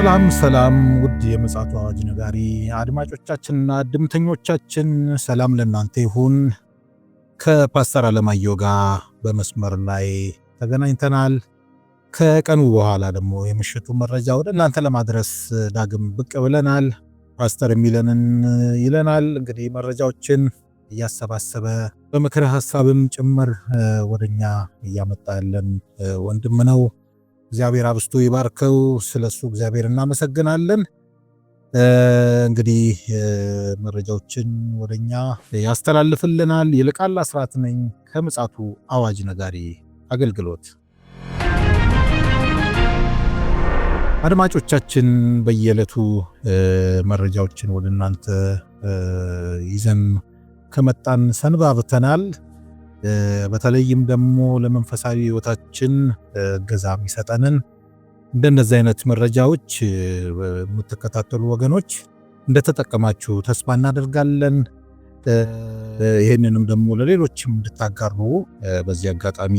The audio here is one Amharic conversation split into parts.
ሰላም ሰላም፣ ውድ የምፅዓቱ አዋጅ ነጋሪ አድማጮቻችንና ድምተኞቻችን ሰላም ለእናንተ ይሁን። ከፓስተር አለማየሁ ጋር በመስመር ላይ ተገናኝተናል። ከቀኑ በኋላ ደግሞ የምሽቱ መረጃ ወደ እናንተ ለማድረስ ዳግም ብቅ ብለናል። ፓስተር የሚለንን ይለናል። እንግዲህ መረጃዎችን እያሰባሰበ በምክረ ሀሳብም ጭምር ወደኛ እያመጣ ያለን ወንድም ነው። እግዚአብሔር አብስቶ ይባርከው። ስለሱ እግዚአብሔር እናመሰግናለን። እንግዲህ መረጃዎችን ወደኛ ያስተላልፍልናል። ይልቃል አስራት ነኝ ከምፅዓቱ አዋጅ ነጋሪ አገልግሎት። አድማጮቻችን በየዕለቱ መረጃዎችን ወደ እናንተ ይዘን ከመጣን ሰንባብተናል። በተለይም ደግሞ ለመንፈሳዊ ህይወታችን እገዛ የሚሰጠንን እንደነዚህ አይነት መረጃዎች የምትከታተሉ ወገኖች እንደተጠቀማችሁ ተስፋ እናደርጋለን። ይህንንም ደግሞ ለሌሎችም እንድታጋሩ በዚህ አጋጣሚ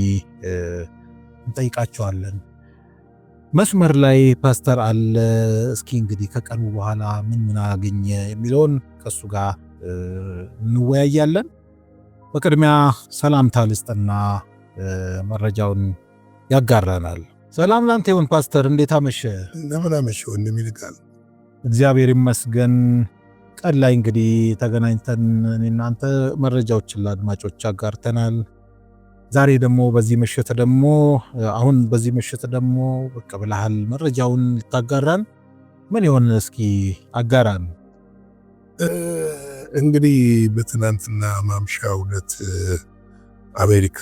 እንጠይቃቸዋለን። መስመር ላይ ፓስተር አለ። እስኪ እንግዲህ ከቀኑ በኋላ ምን ምን አገኘ የሚለውን ከእሱ ጋር እንወያያለን። በቅድሚያ ሰላምታ ልስጥና መረጃውን ያጋራናል። ሰላም ላንተ ይሁን ፓስተር፣ እንዴት አመሸ? እንደምን አመሸ ወንድም ይልቃል። እግዚአብሔር ይመስገን። ቀን ላይ እንግዲህ ተገናኝተን እናንተ መረጃዎችን ለአድማጮች አጋርተናል። ዛሬ ደግሞ በዚህ ምሽት ደግሞ አሁን በዚህ ምሽት ደግሞ በቃ ብለሃል መረጃውን ልታጋራን ምን ይሆን? እስኪ አጋራን። እንግዲህ በትናንትና ማምሻ ዕለት አሜሪካ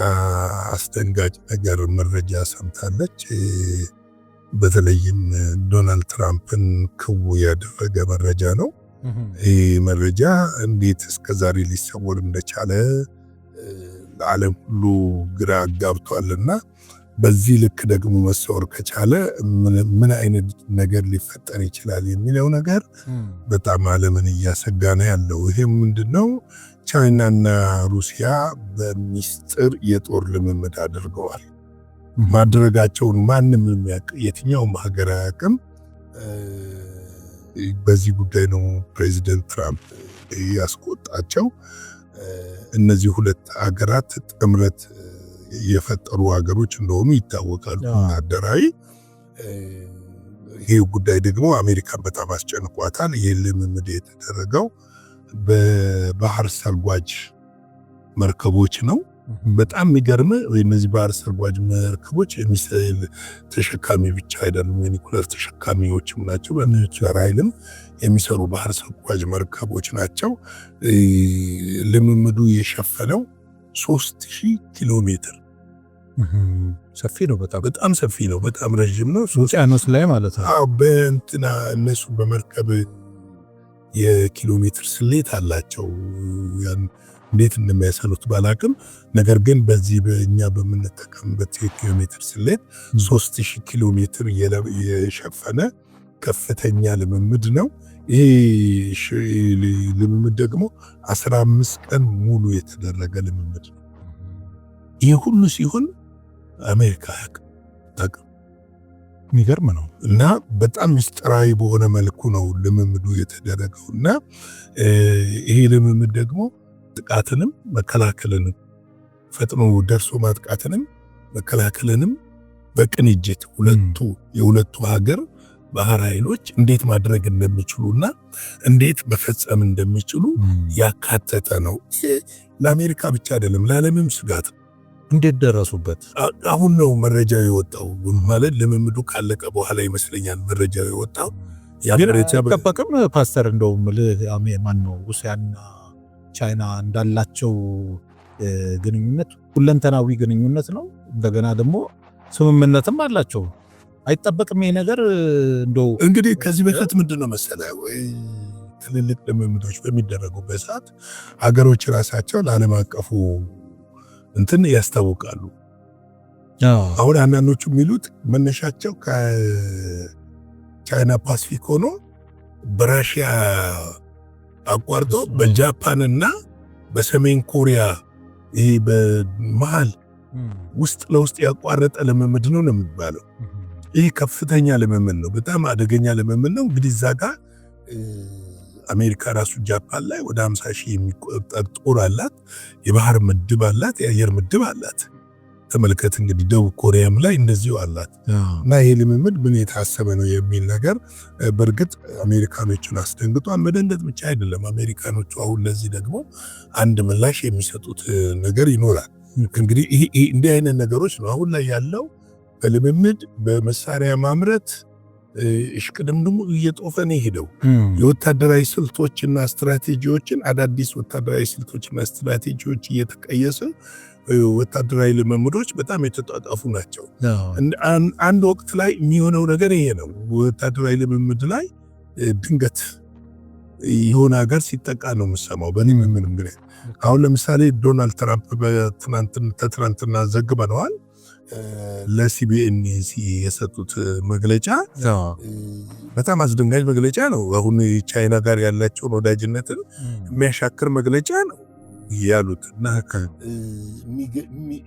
አስደንጋጭ ነገር መረጃ ሰምታለች። በተለይም ዶናልድ ትራምፕን ክው ያደረገ መረጃ ነው። ይህ መረጃ እንዴት እስከዛሬ ሊሰወር እንደቻለ ለዓለም ሁሉ ግራ አጋብቷልና በዚህ ልክ ደግሞ መሰወር ከቻለ ምን አይነት ነገር ሊፈጠር ይችላል የሚለው ነገር በጣም ዓለምን እያሰጋ ነው ያለው። ይሄ ምንድን ነው? ቻይናና ሩሲያ በሚስጥር የጦር ልምምድ አድርገዋል። ማድረጋቸውን ማንም የሚያውቅ የትኛውም ሀገር አያውቅም። በዚህ ጉዳይ ነው ፕሬዚደንት ትራምፕ ያስቆጣቸው። እነዚህ ሁለት ሀገራት ጥምረት የፈጠሩ ሀገሮች እንደሆኑ ይታወቃሉ። ወታደራዊ ይህ ጉዳይ ደግሞ አሜሪካን በጣም አስጨንቋታል። ይህ ልምምድ የተደረገው በባህር ሰርጓጅ መርከቦች ነው። በጣም የሚገርም እነዚህ ባህር ሰርጓጅ መርከቦች ሚሳኤል ተሸካሚ ብቻ አይደሉም፣ የኒኩለር ተሸካሚዎችም ናቸው። በኒኩለር ኃይልም የሚሰሩ ባህር ሰርጓጅ መርከቦች ናቸው። ልምምዱ የሸፈነው ሶስት ሺህ ኪሎ ሜትር ሰፊ ነው። በጣም በጣም ሰፊ ነው። በጣም ረዥም ነው። ውቅያኖስ ላይ ማለት ነው። አዎ በእንትና እነሱ በመርከብ የኪሎ ሜትር ስሌት አላቸው። እንዴት እንደሚያሰሉት ባላቅም፣ ነገር ግን በዚህ በእኛ በምንጠቀምበት የኪሎ ሜትር ስሌት ሶስት ሺህ ኪሎ ሜትር የሸፈነ ከፍተኛ ልምምድ ነው። ይህ ልምምድ ደግሞ 15 ቀን ሙሉ የተደረገ ልምምድ ነው። ይህ ሁሉ ሲሆን አሜሪካ አያውቅም። የሚገርም ነው እና በጣም ምስጢራዊ በሆነ መልኩ ነው ልምምዱ የተደረገው እና ይሄ ልምምድ ደግሞ ጥቃትንም መከላከልንም ፈጥኖ ደርሶ ማጥቃትንም መከላከልንም በቅንጅት ሁለቱ የሁለቱ ሀገር ባህር ኃይሎች እንዴት ማድረግ እንደሚችሉና እንዴት መፈጸም እንደሚችሉ ያካተተ ነው። ይሄ ለአሜሪካ ብቻ አይደለም፣ ለዓለምም ስጋት ነው። እንዴት ደረሱበት? አሁን ነው መረጃ የወጣው። ማለት ልምምዱ ካለቀ በኋላ ይመስለኛል መረጃ የወጣው። ጠበቅም ፓስተር እንደውም ማን ነው ሩሲያና ቻይና እንዳላቸው ግንኙነት ሁለንተናዊ ግንኙነት ነው። እንደገና ደግሞ ስምምነትም አላቸው አይጠበቅም ይሄ ነገር እንደው እንግዲህ ከዚህ በፊት ምንድን ነው መሰለህ ወይ ትልልቅ ልምምዶች በሚደረጉበት ሰዓት ሀገሮች ራሳቸው ለዓለም አቀፉ እንትን ያስታውቃሉ። አሁን አንዳንዶቹ የሚሉት መነሻቸው ከቻይና ፓሲፊክ ሆኖ በራሽያ አቋርጦ በጃፓንና በሰሜን ኮሪያ ይሄ በመሀል ውስጥ ለውስጥ ያቋረጠ ልምምድ ነው ነው የሚባለው። ይህ ከፍተኛ ልምምድ ነው። በጣም አደገኛ ልምምድ ነው። እንግዲህ እዛ ጋር አሜሪካ ራሱ ጃፓን ላይ ወደ 50 ሺህ የሚቆጠር ጦር አላት። የባህር ምድብ አላት። የአየር ምድብ አላት። ተመልከት እንግዲህ ደቡብ ኮሪያም ላይ እንደዚሁ አላት እና ይህ ልምምድ ምን የታሰበ ነው የሚል ነገር በእርግጥ አሜሪካኖችን አስደንግጧል። መደንገጥ ብቻ አይደለም፣ አሜሪካኖቹ አሁን ለዚህ ደግሞ አንድ ምላሽ የሚሰጡት ነገር ይኖራል። እንግዲህ እንዲህ አይነት ነገሮች ነው አሁን ላይ ያለው በልምምድ በመሳሪያ ማምረት እሽቅድምድሙ እየጦፈ ነው የሄደው። የወታደራዊ ስልቶችና ስትራቴጂዎችን አዳዲስ ወታደራዊ ስልቶችና ስትራቴጂዎች እየተቀየሰ ወታደራዊ ልምምዶች በጣም የተጣጣፉ ናቸው። አንድ ወቅት ላይ የሚሆነው ነገር ይሄ ነው። ወታደራዊ ልምምድ ላይ ድንገት የሆነ ሀገር ሲጠቃ ነው የምሰማው በልምምድ ምክንያት። አሁን ለምሳሌ ዶናልድ ትራምፕ ትናንትና ዘግበነዋል ለሲቢኤንሲ የሰጡት መግለጫ በጣም አስደንጋጭ መግለጫ ነው። አሁን ቻይና ጋር ያላቸውን ወዳጅነትን የሚያሻክር መግለጫ ነው ያሉት እና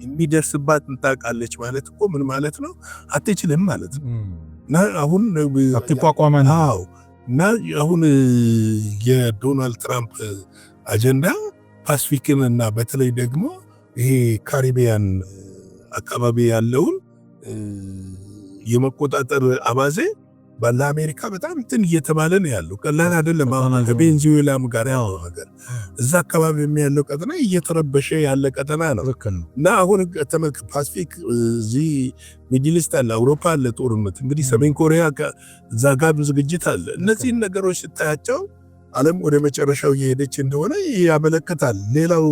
የሚደርስባት ታውቃለች ማለት እኮ ምን ማለት ነው? አትችልም ማለት ነው። እና አሁን እና አሁን የዶናልድ ትራምፕ አጀንዳ ፓስፊክን እና በተለይ ደግሞ ይሄ ካሪቢያን አካባቢ ያለውን የመቆጣጠር አባዜ ለአሜሪካ በጣም እንትን እየተባለ ነው ያለው። ቀላል አይደለም። አሁን ከቬንዙዌላም ጋር ያው ነገር እዛ አካባቢ የሚያለው ቀጠና እየተረበሸ ያለ ቀጠና ነው እና አሁን ተመልክ ፓስፊክ እዚህ ሚድልስት አለ፣ አውሮፓ አለ ጦርነት እንግዲህ ሰሜን ኮሪያ እዛ ጋር ዝግጅት አለ። እነዚህን ነገሮች ስታያቸው ዓለም ወደ መጨረሻው እየሄደች እንደሆነ ያመለከታል። ሌላው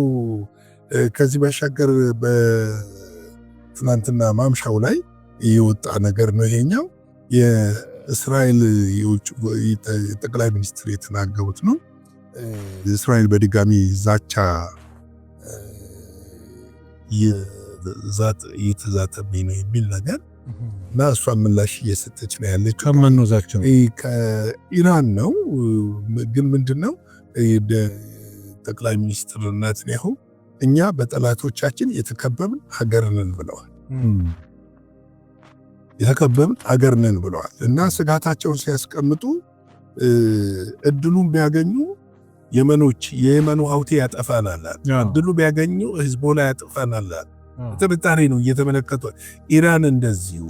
ከዚህ ባሻገር ትናንትና ማምሻው ላይ የወጣ ነገር ነው ይሄኛው። የእስራኤል ጠቅላይ ሚኒስትር የተናገሩት ነው። እስራኤል በድጋሚ ዛቻ እየተዛተብኝ ነው የሚል ነገር እና እሷ ምላሽ እየሰጠች ነው ያለችው። ከማን ነው ከኢራን ነው። ግን ምንድን ነው ጠቅላይ ሚኒስትር ኔታንያሁ እኛ በጠላቶቻችን የተከበብን ሀገር ነን ብለዋል። የተከበብን ሀገር ነን ብለዋል እና ስጋታቸውን ሲያስቀምጡ እድሉን ቢያገኙ የመኖች የየመኑ ሀውቴ ያጠፋናል፣ እድሉ ቢያገኙ ህዝቦላ ያጠፋናል። ጥርጣሬ ነው እየተመለከቱ ኢራን እንደዚሁ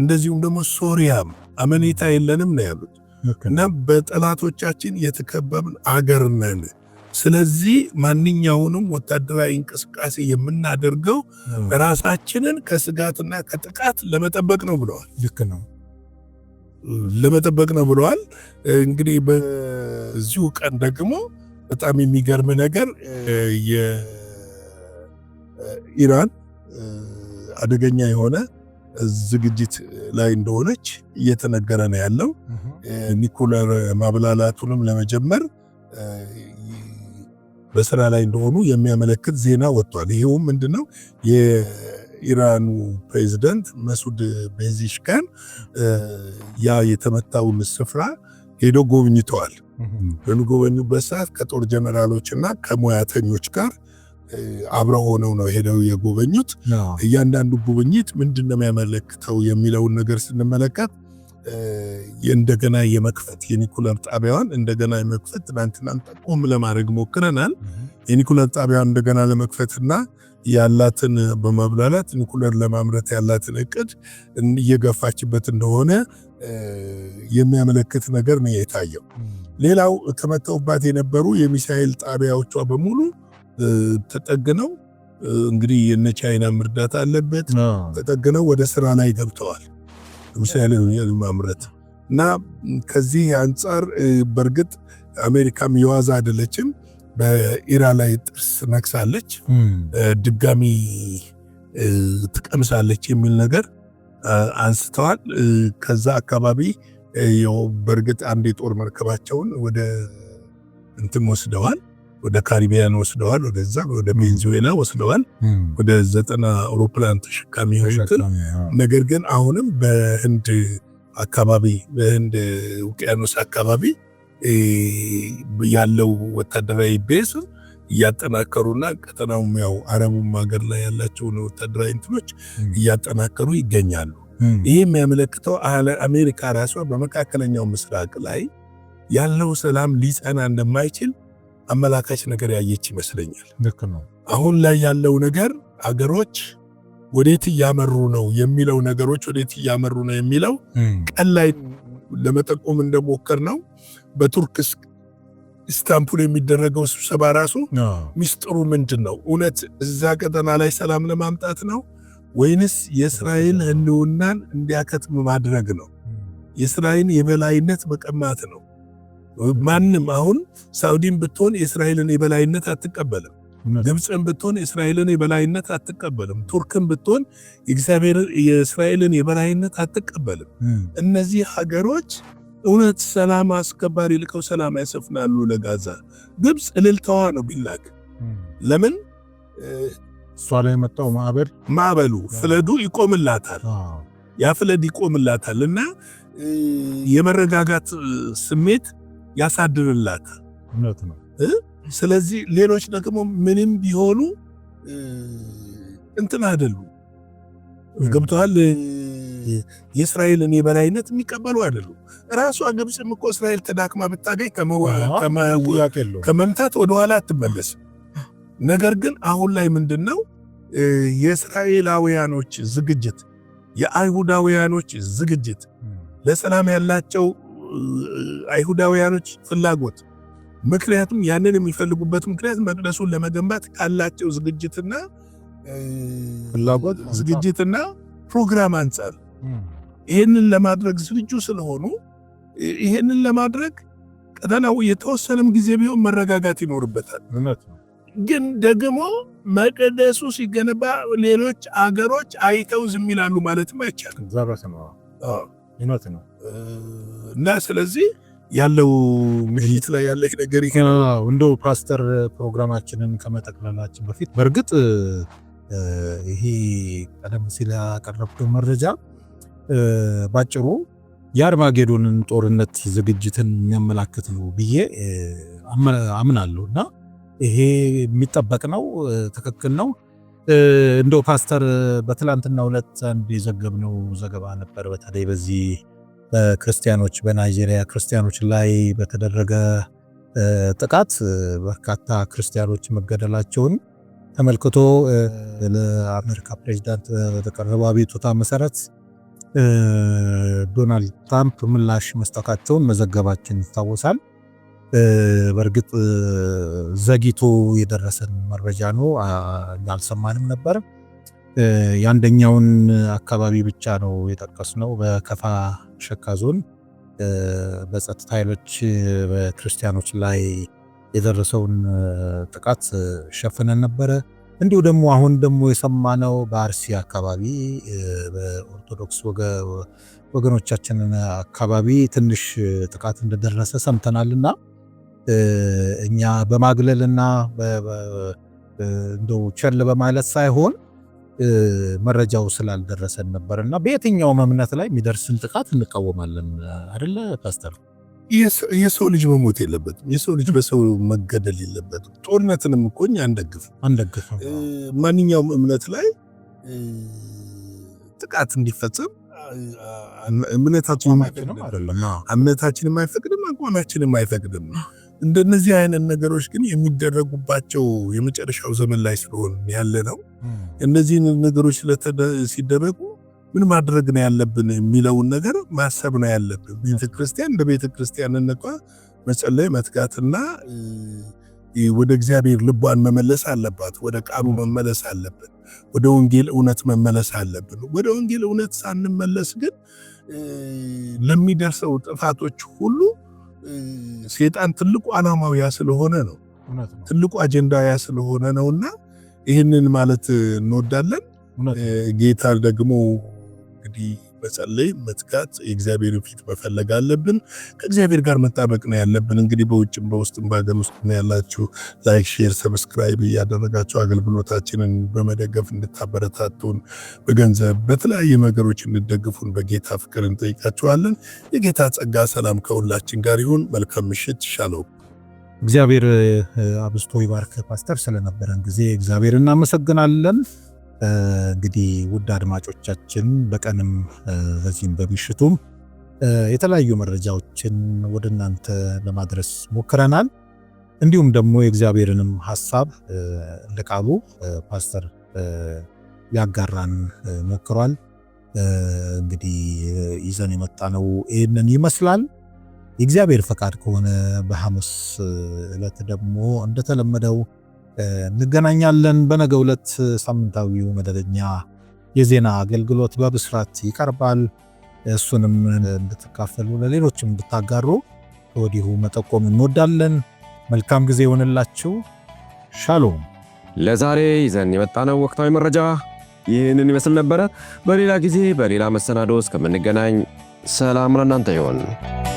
እንደዚሁም ደግሞ ሶሪያም አመኔታ የለንም ነው ያሉት እና በጠላቶቻችን የተከበብን አገር ነን ስለዚህ ማንኛውንም ወታደራዊ እንቅስቃሴ የምናደርገው ራሳችንን ከስጋትና ከጥቃት ለመጠበቅ ነው ብለዋል። ልክ ነው፣ ለመጠበቅ ነው ብለዋል። እንግዲህ በዚሁ ቀን ደግሞ በጣም የሚገርም ነገር የኢራን አደገኛ የሆነ ዝግጅት ላይ እንደሆነች እየተነገረ ነው ያለው። ኒኩለር ማብላላቱንም ለመጀመር በስራ ላይ እንደሆኑ የሚያመለክት ዜና ወጥቷል። ይሄውም ምንድነው የኢራኑ ፕሬዚደንት መሱድ ቤዚሽካን ያ የተመታውን ስፍራ ሄደው ጎብኝተዋል። በሚጎበኙበት ሰዓት ከጦር ጀነራሎች እና ከሙያተኞች ጋር አብረው ሆነው ነው ሄደው የጎበኙት። እያንዳንዱ ጉብኝት ምንድን ነው የሚያመለክተው የሚለውን ነገር ስንመለከት እንደገና የመክፈት የኒኩለር ጣቢያዋን እንደገና የመክፈት ትናንትናን ጠቆም ለማድረግ ሞክረናል። የኒኩለር ጣቢያዋን እንደገና ለመክፈትና ያላትን በማብላላት ኒኩለር ለማምረት ያላትን እቅድ እየገፋችበት እንደሆነ የሚያመለክት ነገር ነው የታየው። ሌላው ተመተውባት የነበሩ የሚሳኤል ጣቢያዎቿ በሙሉ ተጠግነው እንግዲህ የነ ቻይናም እርዳታ አለበት ተጠግነው ወደ ስራ ላይ ገብተዋል። ለምሳሌ ማምረት እና ከዚህ አንጻር በእርግጥ አሜሪካም የዋዛ አይደለችም። በኢራ ላይ ጥርስ ነክሳለች፣ ድጋሚ ትቀምሳለች የሚል ነገር አንስተዋል። ከዛ አካባቢ በእርግጥ አንድ የጦር መርከባቸውን ወደ እንትን ወስደዋል። ወደ ካሪቢያን ወስደዋል፣ ወደዛ ወደ ቬንዙዌላ ወስደዋል። ወደ ዘጠና አውሮፕላን ተሸካሚ ሆኑትን። ነገር ግን አሁንም በህንድ አካባቢ በህንድ ውቅያኖስ አካባቢ ያለው ወታደራዊ ቤስ እያጠናከሩና ቀጠናውም ያው አረቡም ሀገር ላይ ያላቸውን ወታደራዊ እንትኖች እያጠናከሩ ይገኛሉ። ይህ የሚያመለክተው አሜሪካ ራሷ በመካከለኛው ምስራቅ ላይ ያለው ሰላም ሊጸና እንደማይችል አመላካች ነገር ያየች ይመስለኛል። ልክ ነው። አሁን ላይ ያለው ነገር አገሮች ወዴት እያመሩ ነው የሚለው ነገሮች ወዴት እያመሩ ነው የሚለው ቀን ላይ ለመጠቆም እንደሞከር ነው። በቱርክ ኢስታንቡል የሚደረገው ስብሰባ ራሱ ሚስጥሩ ምንድን ነው? እውነት እዛ ቀጠና ላይ ሰላም ለማምጣት ነው ወይንስ የእስራኤል ህልውናን እንዲያከትም ማድረግ ነው? የእስራኤል የበላይነት መቀማት ነው? ማንም አሁን ሳውዲን ብትሆን የእስራኤልን የበላይነት አትቀበልም። ግብፅን ብትሆን የእስራኤልን የበላይነት አትቀበልም። ቱርክን ብትሆን የእስራኤልን የበላይነት አትቀበልም። እነዚህ ሀገሮች እውነት ሰላም አስከባሪ ልከው ሰላም ያሰፍናሉ ለጋዛ። ግብፅ እልልተዋ ነው ቢላክ ለምን እሷ ላይ የመጣው ማዕበል ማዕበሉ ፍለዱ ይቆምላታል፣ ያ ፍለድ ይቆምላታል እና የመረጋጋት ስሜት ያሳድርላት እውነት ነው። ስለዚህ ሌሎች ደግሞ ምንም ቢሆኑ እንትን አይደሉ ገብተዋል። የእስራኤልን የበላይነት የሚቀበሉ አይደሉ። ራሷ ግብፅም እኮ እስራኤል ተዳክማ ብታገኝ ከመምታት ወደኋላ አትመለስም። ነገር ግን አሁን ላይ ምንድን ነው የእስራኤላውያኖች ዝግጅት፣ የአይሁዳውያኖች ዝግጅት ለሰላም ያላቸው አይሁዳውያኖች ፍላጎት። ምክንያቱም ያንን የሚፈልጉበት ምክንያት መቅደሱን ለመገንባት ካላቸው ዝግጅትና ፍላጎት ዝግጅትና ፕሮግራም አንጻር ይህንን ለማድረግ ዝግጁ ስለሆኑ ይህንን ለማድረግ ቀጠናው የተወሰነም ጊዜ ቢሆን መረጋጋት ይኖርበታል። ግን ደግሞ መቅደሱ ሲገነባ ሌሎች አገሮች አይተው ዝም ይላሉ ማለትም አይቻልም። ይኖት ነው እና ስለዚህ ያለው ምሽት ላይ ያለ ነገር እንደ ፓስተር ፕሮግራማችንን ከመጠቅለላችን በፊት በእርግጥ ይሄ ቀደም ሲል ያቀረብከው መረጃ ባጭሩ የአርማጌዶንን ጦርነት ዝግጅትን የሚያመላክት ነው ብዬ አምናለሁ እና ይሄ የሚጠበቅ ነው። ትክክል ነው። እንደው ፓስተር በትላንትና ሁለት አንድ የዘገብነው ዘገባ ነበር። በተለይ በዚህ በክርስቲያኖች በናይጄሪያ ክርስቲያኖች ላይ በተደረገ ጥቃት በርካታ ክርስቲያኖች መገደላቸውን ተመልክቶ ለአሜሪካ ፕሬዚዳንት በተቀረበ አቤቱታ መሰረት ዶናልድ ትራምፕ ምላሽ መስጠታቸውን መዘገባችን ይታወሳል። በእርግጥ ዘግይቶ የደረሰን መረጃ ነው፣ አልሰማንም ነበር። የአንደኛውን አካባቢ ብቻ ነው የጠቀስነው። በከፋ ሸካ ዞን በጸጥታ ኃይሎች በክርስቲያኖች ላይ የደረሰውን ጥቃት ሸፍነን ነበረ። እንዲሁ ደግሞ አሁን ደግሞ የሰማነው በአርሲ አካባቢ በኦርቶዶክስ ወገኖቻችን አካባቢ ትንሽ ጥቃት እንደደረሰ ሰምተናልና እኛ በማግለልና እንደው ቸል በማለት ሳይሆን መረጃው ስላልደረሰን ነበር እና በየትኛውም እምነት ላይ የሚደርስን ጥቃት እንቃወማለን። አደለ ፓስተር? የሰው ልጅ መሞት የለበትም። የሰው ልጅ በሰው መገደል የለበትም። ጦርነትንም እኮ እኛ አንደግፍ አንደግፍ ማንኛውም እምነት ላይ ጥቃት እንዲፈጸም እምነታችን አይፈቅድም፣ አቋማችን የማይፈቅድም እንደነዚህ አይነት ነገሮች ግን የሚደረጉባቸው የመጨረሻው ዘመን ላይ ስለሆን ያለ ነው። እነዚህ ነገሮች ሲደረጉ ምን ማድረግ ነው ያለብን የሚለውን ነገር ማሰብ ነው ያለብን። ቤተክርስቲያን እንደ ቤተክርስቲያን ነቋ መጸለይ፣ መትጋትና ወደ እግዚአብሔር ልቧን መመለስ አለባት። ወደ ቃሉ መመለስ አለብን። ወደ ወንጌል እውነት መመለስ አለብን። ወደ ወንጌል እውነት ሳንመለስ ግን ለሚደርሰው ጥፋቶች ሁሉ ሴጣን ትልቁ አላማው ያ ስለሆነ ነው። ትልቁ አጀንዳ ያ ስለሆነ ነውና ይህንን ማለት እንወዳለን። ጌታ ደግሞ እንግዲህ መጸለይ፣ መትጋት፣ የእግዚአብሔር ፊት መፈለግ አለብን። ከእግዚአብሔር ጋር መጣበቅ ነው ያለብን። እንግዲህ በውጭም በውስጥም በአገር ውስጥ ያላችሁ ላይክ፣ ሼር፣ ሰብስክራይብ እያደረጋችሁ አገልግሎታችንን በመደገፍ እንድታበረታቱን በገንዘብ በተለያዩ ነገሮች እንድደግፉን በጌታ ፍቅር እንጠይቃችኋለን። የጌታ ጸጋ ሰላም ከሁላችን ጋር ይሁን። መልካም ምሽት። ይሻለው እግዚአብሔር አብዝቶ ይባርክ ፓስተር። ስለነበረን ጊዜ እግዚአብሔር እናመሰግናለን። እንግዲህ ውድ አድማጮቻችን በቀንም በዚህም በምሽቱም የተለያዩ መረጃዎችን ወደ እናንተ ለማድረስ ሞክረናል። እንዲሁም ደግሞ የእግዚአብሔርንም ሀሳብ እንደ ቃሉ ፓስተር ያጋራን ሞክሯል። እንግዲህ ይዘን የመጣነው ይህንን ይመስላል። የእግዚአብሔር ፈቃድ ከሆነ በሐሙስ ዕለት ደግሞ እንደተለመደው እንገናኛለን። በነገ ሁለት ሳምንታዊው መደበኛ የዜና አገልግሎት በብስራት ይቀርባል። እሱንም እንድትካፈሉ ለሌሎችም እንድታጋሩ ከወዲሁ መጠቆም እንወዳለን። መልካም ጊዜ ይሆንላችሁ። ሻሎም። ለዛሬ ይዘን የመጣነው ወቅታዊ መረጃ ይህንን ይመስል ነበረ። በሌላ ጊዜ በሌላ መሰናዶ እስከምንገናኝ ሰላም ለእናንተ ይሆን።